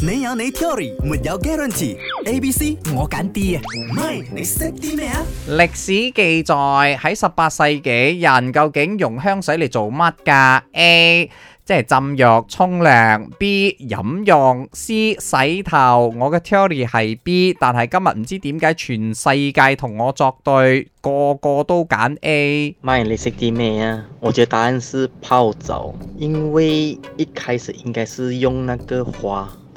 你有你 theory，沒有 guarantee。A、B、C 我揀 D 啊！咪你識啲咩啊？歷史記載喺十八世紀，人究竟用香水嚟做乜㗎？A 即係浸浴沖涼，B 飲用，C 洗頭。我嘅 theory 係 B，但係今日唔知點解全世界同我作對，個個都揀 A。唔，咪你識啲咩啊？我覺得答案是泡澡，因為一開始應該是用那個花。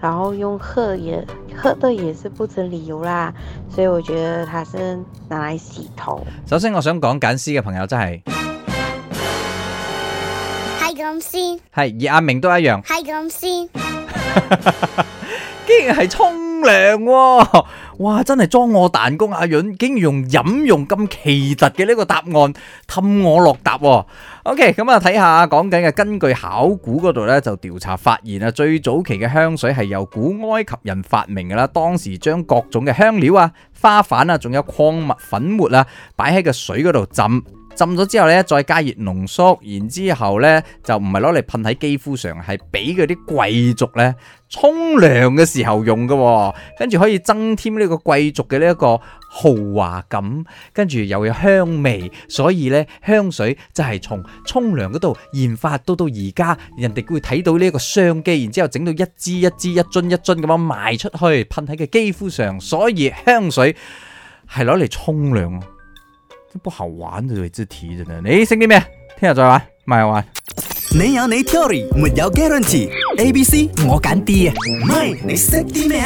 然後用喝也喝的也是不值理由啦，所以我覺得他是拿來洗頭。首先我想講簡詩嘅朋友真係係咁先，係 can 而阿明都一樣係咁先，哈 can 竟然係沖。涼哇！真係裝我彈弓，阿潤，竟然用飲用咁奇特嘅呢個答案氹我落答。OK，咁啊睇下講緊嘅，根據考古嗰度呢，就調查發現啊，最早期嘅香水係由古埃及人發明噶啦，當時將各種嘅香料啊、花瓣啊，仲有礦物粉末啊，擺喺個水嗰度浸。浸咗之後呢，再加熱濃縮，然之後呢，就唔係攞嚟噴喺肌膚上，係俾嗰啲貴族呢沖涼嘅時候用嘅喎、哦。跟住可以增添呢個貴族嘅呢一個豪華感，跟住又有香味，所以呢，香水就係從沖涼嗰度研發到到而家，人哋會睇到呢一個商機，然之後整到一支一支、一樽一樽咁樣賣出去，噴喺個肌膚上，所以香水係攞嚟沖涼。不好玩，睿智題真係，你識啲咩？聽日再玩，唔係玩。你有你的 theory，沒有 guarantee ABC。A B C，我揀 D 啊，唔係，你識啲咩？